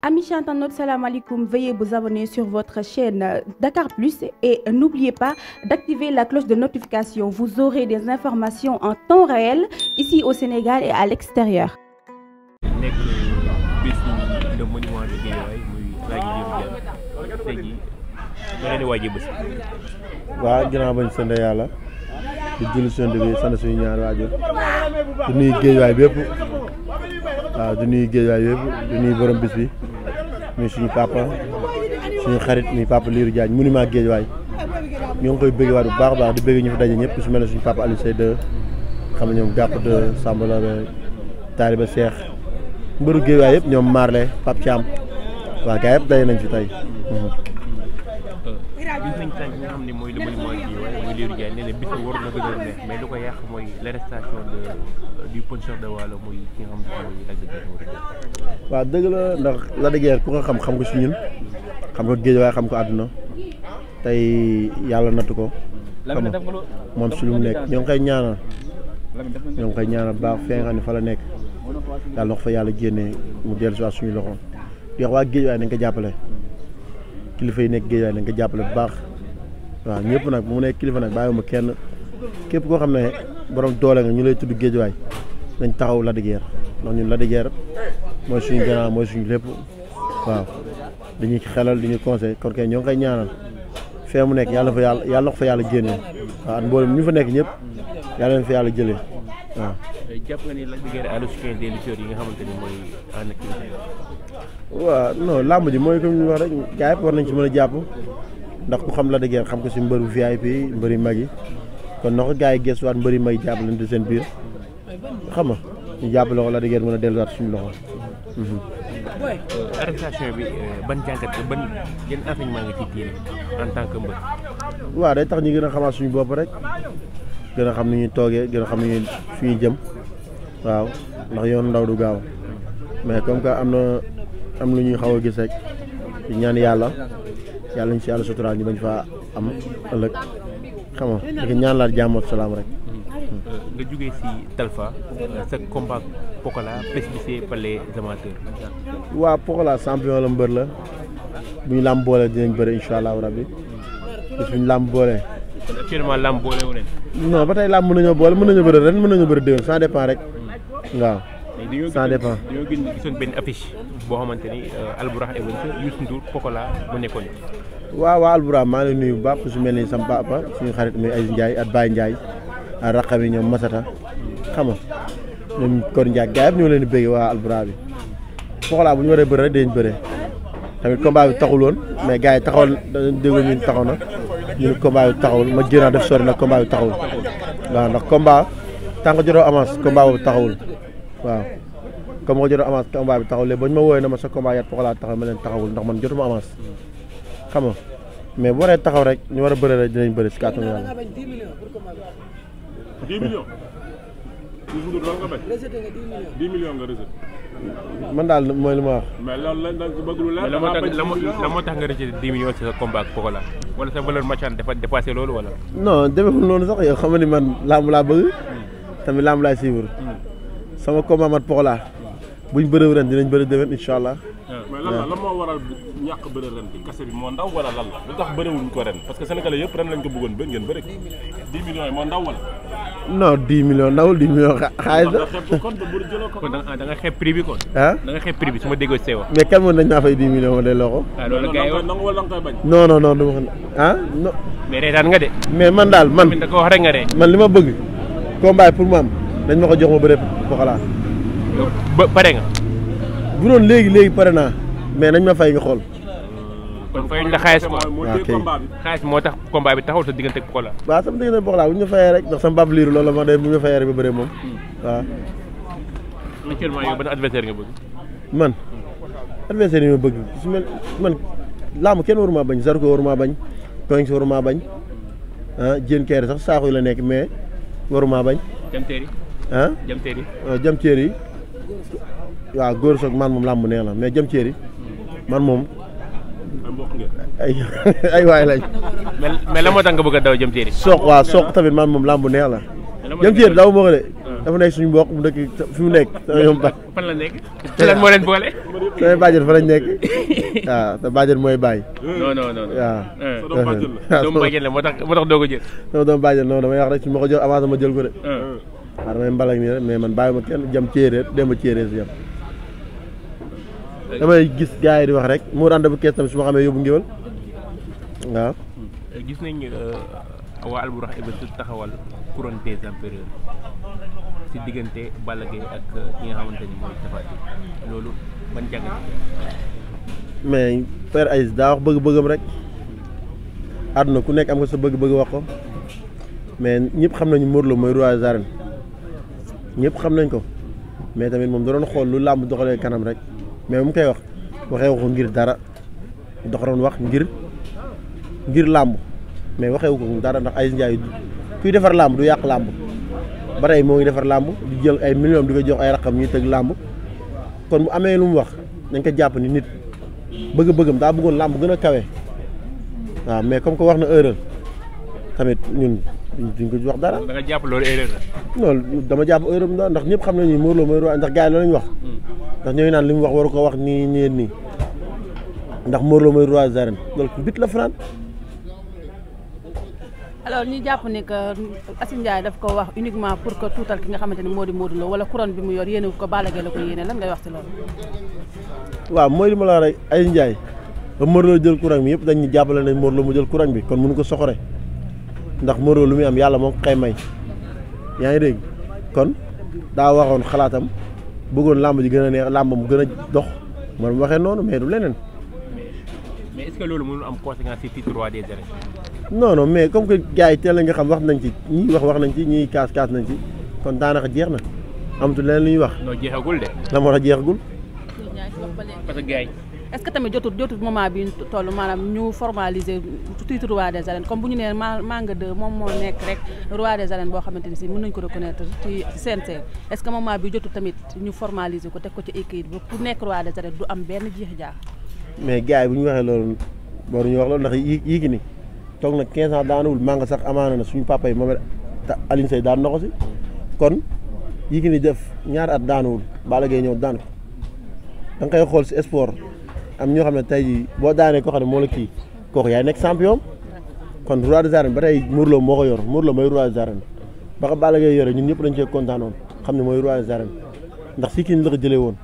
Amis chers internautes, salam Veuillez vous abonner sur votre chaîne Dakar Plus et n'oubliez pas d'activer la cloche de notification. Vous aurez des informations en temps réel ici au Sénégal et à l'extérieur. nekk bis le monument yàlla di julli sant bi sant suñu ñaar waajur di nuyu bépp waaw di borom bis muy suñu papa suñu xarit muy papa Lirou Diagne monument Guédiawaye ñoo ngi koy bëggee waat bu baax baax di bëggee ñu fi daje ñëpp su mel ne suñu papa Aliou Seye de xam nga ñoom gàpp de Samba Laobé Tariba Cheikh mbëru Guédiawaye yëpp ñoom Marley Pape Thiam waaw gars yëpp daje nañ ci tey. Lirou Diane nee na bit bi a euh, waaw dëgg la ndax Lac de Guiers ku nga xam xam ko si ñun xam ko géej waaye xam ko àdduna tey yàlla nattu ko. xam moom si lu mu nekk ñoo ngi koy ñaanal ñoo ngi koy ñaanal baax fee nga fa la nekk yàlla na ko fa yàlla génnee mu dellu si waat suñu loxo di wax waa géej waaye nañ ko jàppale kilifa nekk géej waaye nañ ko jàppale bu baax. waaw ñëpp nag bu mu nekk kilifa nag bàyyiwuma kenn képp koo xam ne borom doole nga ñu lay tudd géejuwaay nañ taxaw Lac de Guiers ndax ñun Lac de Guiers mooy suñu gànnaaw mooy suñu lépp waaw dañuy xelal di ñu conseil kon kay ñoo ngi koy ñaanal fee mu nekk yàlla fa yàlla yàlla ko fa yàlla génnee waaw at ñu fa nekk ñëpp yàlla leen yàlla jëlee waaw. jàpp nga ni Lac nga xamante ni mooy en activité. làmb ji mooy comme ñu wax rek gars war nañ ci mën a jàpp. ndax ku xam la dëggeer xam ko si mbëru VIP mbëri mag yi kon na ko gars yi gëstuwaat mbëri mag yi jàppalante seen biir xam nga ñu jàppale ko la mën a delluwaat suñu loxo. arrestation bi euh, ban jàngat ban yan en tant que mbër. waaw day tax ñu gën a xamaat suñu bopp rek gën a xam ni ñuy toogee gën a xam ni fi ñuy jëm waaw ndax yoon ndaw du gaaw mais comme que am na am lu ñuy xaw a gis rek ñaan yàlla. yàlla nañ si yàlla suturaal ñu bañ faa am ëllëg xam nga di ñaan laal jàmm ak salaam rek. nga jógee si Talfa sa combat Pokola précipité par les amateurs. waaw Pokola la mbër la bu ñu làmb boole dinañ bëri incha allahu rabbi bis bu ñu làmb boole. actuellement làmb boole wu leen. non ba tey mën nañoo boole mën nañoo ren mën nañoo bëri déwén ça dépend rek hmm. waaw. ça dépend dañoo gën gisoon benn affiche boo xamante ni euh, Albourakh Events Youssou Ndour mu nekkoon. waaw waa Alboura maa ngi nuyu bu baax su mel ni sama papa suñu xarit muy Aziz Ndiaye ak Baye Ndiaye ak raqa bi ñoom Masata xam nga ñoom Kor Ndiaye gars ñoo leen di bëgg waa Alboura bi Pokola bu ñu waree bëre rek dinañ bëre tamit taxul woon mais gars yi taxawal dañu déggoo ñu taxaw na ñu ne taxawul ma a def sori nag combat bi taxawul waaw ndax combat tànk jotoo avance combat taxawul waaw. comme ma ko jotoo avance combat bi taxawul léegi ba ñu ma woowee na ma sa combat yat Pokola taxaw ma leen taxawul ndax man jotuma avance. xam mais bu waree taxaw rek ñu war a bëri rek dinañ bëri si man daal mooy li ma wax. la nga bëgg lu moo tax nga rejeté 10 millions ci sa combat ak Pokola wala sa valeur marchande dafa dépassé loolu wala. non demewul noonu sax yow xam man làmb laa bëgg. Hmm. tamit làmb laay suivre. Hmm. sama combat mat Pokola. buñ bëree ren dinañ bëri déwén incha allah. ñàkk bëre ren bi kase bi moo ndaw wala lan la lu tax bërewuñ ko ren parce que sénégalais yëpp ren lañ ko bëggoon bëgg ngeen bëri ko yi moo ndaw wala. non 10 millions ndawul 10 millions xaalis la. da da mais kan mën nañ maa fay 10 millions ma delloo ko. waaw ah, loolu ah non. mais reetaan nga de. mais man daal man da ko wax rek nga de. man li ma bëgg combat pour mu dañ ma ko jox ma bëre Pokola. ba bu doon léegi léegi pare naa mais nañ ma fay nga xool. kon fayuñ la xaalis quoi ah, xaalis moo tax combat bi taxawul sa diggante ak Pokola waaw sama diggante Pokola bu ñu fayee rek ndax sama bab liiru loolu ma day bu ñu fayee rek ba bëree moom waaw man adversaire yi ma bëgg su mel man laamu kenn waruma bañ Zarko waruma bañ Tonks waruma bañ ah Diène sax saako yi la nekk mais waruma bañ jam teer yi ah jam teer yi ah, jam góor soog man moom làmb nee na mais jam teer man moom ay ay waay lañ. mais moo tax nga bëgg a daw jëm téeri. soq waaw soq tamit man moom làmb neex la. jëm téeri daaw moo ko de. Ah. dafa nekk suñu mbokk mu dëkk mu nekk. ñoom ba fan la nekk ci sa bàjjen mooy baay non non non waaw. Eh. sa doom bàjjen la doomu bàjjen la moo tax moo tax jël. sama doomu bàjjen non damay wax rek su ma ko jox avance ma jël ko de. waaw eh. ah, damay mbalak nii rek mais man bàyyi ma kenn jëm téeri dem ba si yam damay gis gars yi di wax rek moo daan bu kees tamit su ma xamee yóbbu ngéwél waaw. Eh, gis euh, taxawal couronne des diggante Balla Gaye euh, nga xamante ni mooy mais Père Aziz daa wax bëgg-bëggam rek àdduna ku nekk am nga sa bëgg-bëgg wax ko mais ñëpp xam nañu Modou Lo mooy roi des arènes ñëpp xam nañ ko mais tamit moom da doon xool lu làmb doxalee kanam rek. mais mu koy wax waxee ko ngir dara dafa wax ngir ngir làmb mais waxee wu ko dara ndax Aziz Ndiaye kuy defar làmb du yàq làmb ba tey moo ngi defar làmb du jël ay millions di ko jox ay raqam ñuy tëgg làmb kon mu amee lu mu wax dañ ko jàpp ni nit bëgg-bëggam daa bëggoon làmb gën a kawe waaw mais comme ko wax na erreur tamit ñun. duñ ko wax dara. da nga loolu dama jàpp erreur la ndax ñëpp xam nañu Modou Lo mooy roi ndax gars yi loolu lañ wax. Hmm. ndax ñooy naan li mu wax waru ko wax nii nii nii ndax Modou Lo mooy roi des arènes loolu bit la fanaan. alors ñu jàpp ne que Assane daf ko wax uniquement pour que tuutal ki nga xamante ni moo di Modou Lo wala couronne bi mu yor yéene ko Balla Gaye la ko yéene lan ngay wax ci loolu. waaw mooy li ma la wax rek ay Ndiaye ba Modou jël couronne bi yëpp dañ ñu jàppale ne Modou Lo mu jël kuran bi kon mënu ko soxor ndax Modou Lo lu muy am yàlla moo ko xëy may yaa ngi dégg kon daa waxoon xalaatam bëggoon làmb ji gën a neex làmbam gën a dox man mu waxee noonu mais du leneen. mais est-ce que loolu am conséquence ci titre roi des arènes. non non mais comme que gars yi teel la nga xam wax nañ ci ñii wax wax nañ ci ñii kaas kaas nañ ci kon daanaka jeex na amatul leneen lu ñuy wax. non jeexagul de. la moo jeexagul. parce que est-ce que tamit jotul jotul moment bi ñu toll maanaam ñu formaliser titre roi des arènes comme bu ñu nee Manga 2 moom moo nekk rek roi des arènes boo xamante ni si mën nañ ko reconnaître ci CNG est-ce que moment bi jotul tamit ñu formaliser ko teg ko ci équipe ba ku nekk roi des arènes du am benn jiix jaax mais gars yi bu ñu waxee loolu waruñu wax loolu ndax yii ni toog na 15 ans daanuwul Manga sax amaana na suñu papa yi moom Alioune Seye daan na ko si kon yii ni def ñaari at daanuwul Balla Gaye ñëw daan ko da koy xool si sport am ñoo xam ne tey jii boo daanee koo xam ne moo la kii kooku yaay ne champion kon roi des ba tey Mourlo moo ko yor Mourlo mooy roi des arènes ko yore ñun ñëpp dañ cee xam ne mooy roi des arènes ndax si kii la ko jëlee woon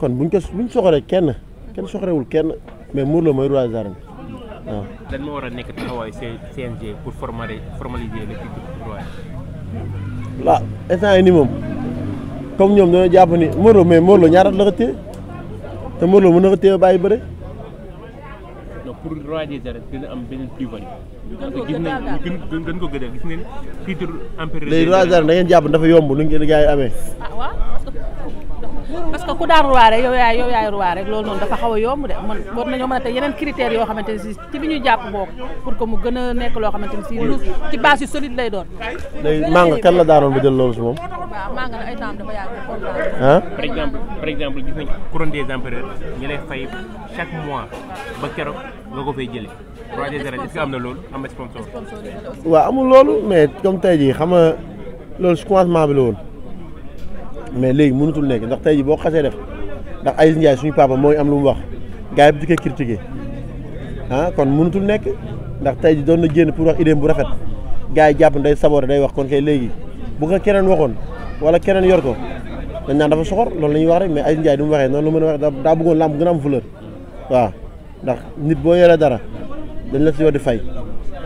kon buñ ko buñ soxoree kenn kenn soxorewul kenn mais Mourlo mooy roi des moo war a nekk taxawaayu CNG pour formaliser formaliser le titre roi. waaw instant jàpp ni Mourlo mais Mourlo ñaata la te Modou Lo mën na ko téye bàyyi bëre. non pour roi des arènes dina am beneen plus-value. parce que gis nañ gën gën ko gëdal gis nañ titre empereur. léegi roi des arènes da ngeen jàpp dafa yomb lu ngeen gars yi amee. Ah, parce que ku daan ruwaare yow yaay yow yaay ruwaare rek loolu noonu dafa xaw a yomb de man war nañoo mën a tey yeneen critères yoo xamante ne si ci bi ñu jàpp bokk pour que mu gën a nekk loo xamante ne si lu ci base yu solide lay doon. léegi Manga kan la daanoon ba jël loolu si moom. waaw Manga ay temps dafa yàgg. ah par exemple par exemple gis nañ couronne des empereurs ñu lay fay chaque mois ba keroog nga ko fay jëlee. waa des est-ce que am na loolu am na sponsor. waaw amul loolu mais comme tey jii xam nga loolu si commencement bi la woon. mais léegi mënutul nekk ndax tey boo xasee def ndax Aziz Ndiaye suñu papa mooy am lu mu wax gars yi bu dikkee critiqué ah kon mënutul nekk ndax tey ji doon na génn pour wax idée bu rafet gars yi jàpp na day saboté day wax kon kay léegi bu ko keneen waxoon wala keneen yor ko dañ naan dafa soxor loolu la ñuy wax rek mais Aziz Ndiaye du mu waxee noonu lu mën a waxee daa bëggoon làmb gën a am fleur waaw ndax nit boo yoree dara dañ la si yor fay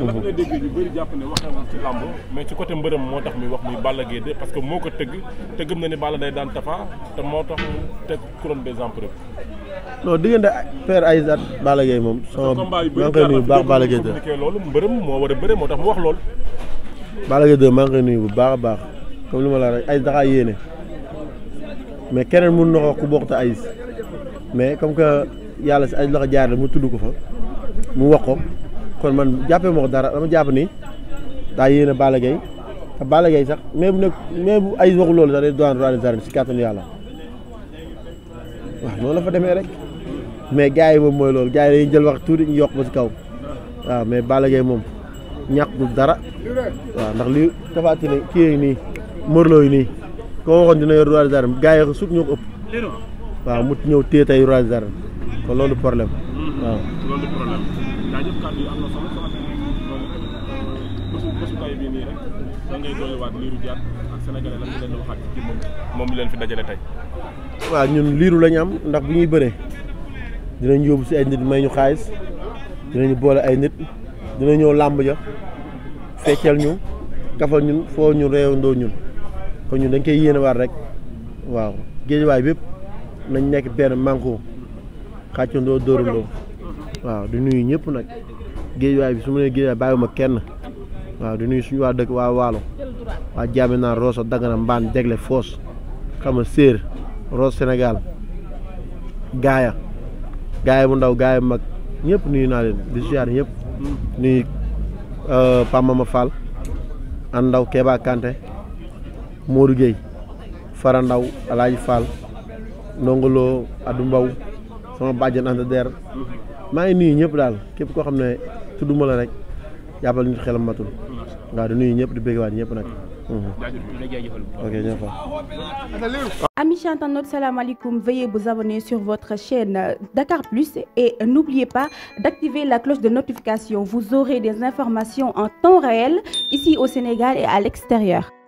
ndax nga dégg ñu bëri jàpp ne waxeewul ci làmb mais ci côté mbërëm moo tax muy wax muy Balla Gaye de parce que moo ko tëgg te gëm na ni Balla day daan Tapha te moo tax mu teg couronne des empereurs. non diggante Père Aïssa Balla Gaye moom. sama maa ngi koy nuyu bu baax Balla Gaye de loolu mbërëm moo war a bëre moo tax mu wax loolu. Balla Gaye de maa ngi koy nuyu bu baax a baax comme li ma la rek ay daxaa yéene mais keneen mun na ko wax ku bokk te Aïssa mais comme que yàlla si ay loxo jaar la mu tudd ko fa mu wax ko. kon man jàppee moo ko dara dama jàpp ni daa yéen a Balla Gaye te Balla Gaye sax même bu nekk même bu ay waxu loolu sax day doon roi des arènes si kàttanu yàlla waaw noonu la demee rek mais gars yi moom mooy loolu gars yi dañuy jël wax tuuti ñu yokk ba si kaw waaw mais Balla Gaye moom ñàkkul dara waaw ndax li tafaati ne kii yi nii mërloo yi nii koo waxoon dina yor roi des arènes gars yi suuf ñoo ko ëpp waaw mu ñëw téye tey roi des arènes kon loolu problème waaw. jaajëf kàddu fi dajale tey. ñun liiru lañ am ndax bu ñuy bëree dinañ yóbbu si ay nit may ñu xaalis dinañu boole ay nit dina ñëw làmb ja fecceel ñu kafal ñun foo ñu réewandoo ñun kon ñun dañ koy yéenewaat rek waaw géej bépp nañ nekk benn manko xàccandoo dóorandoo. waaw di nuyu ñëpp nag géej géejuwaay bi su ma nee géejuwaay bàyyiwuma kenn waaw di nuyu suñu waa dëkk waa waalo waa jaame naa Rosso Dagana Mbaan Degle Foos xam nga Séer Rosso Sénégal gaaya gaaya bu ndaw gaaya bu mag ñëpp nuyu naa leen di siyaar ñëpp nuyu euh, Pape Mama Fall ndaw Keba Kanté Modou Gueye Fara Ndaw Alaaji Fall Ndongolo Adu Mbaw sama bàjjen Anta Der maa ngi nuyu ñëpp daal képp koo xam ne tudduma la rek yàbbal nit xelam matul waaw di nuyu ñëpp di bëgg waat ñëpp nag. Amis internautes, salam alaikum. Veuillez vous abonner sur votre chaîne Dakar Plus et n'oubliez pas d'activer la cloche de notification. Vous aurez des informations en temps réel ici au Sénégal et à l'extérieur.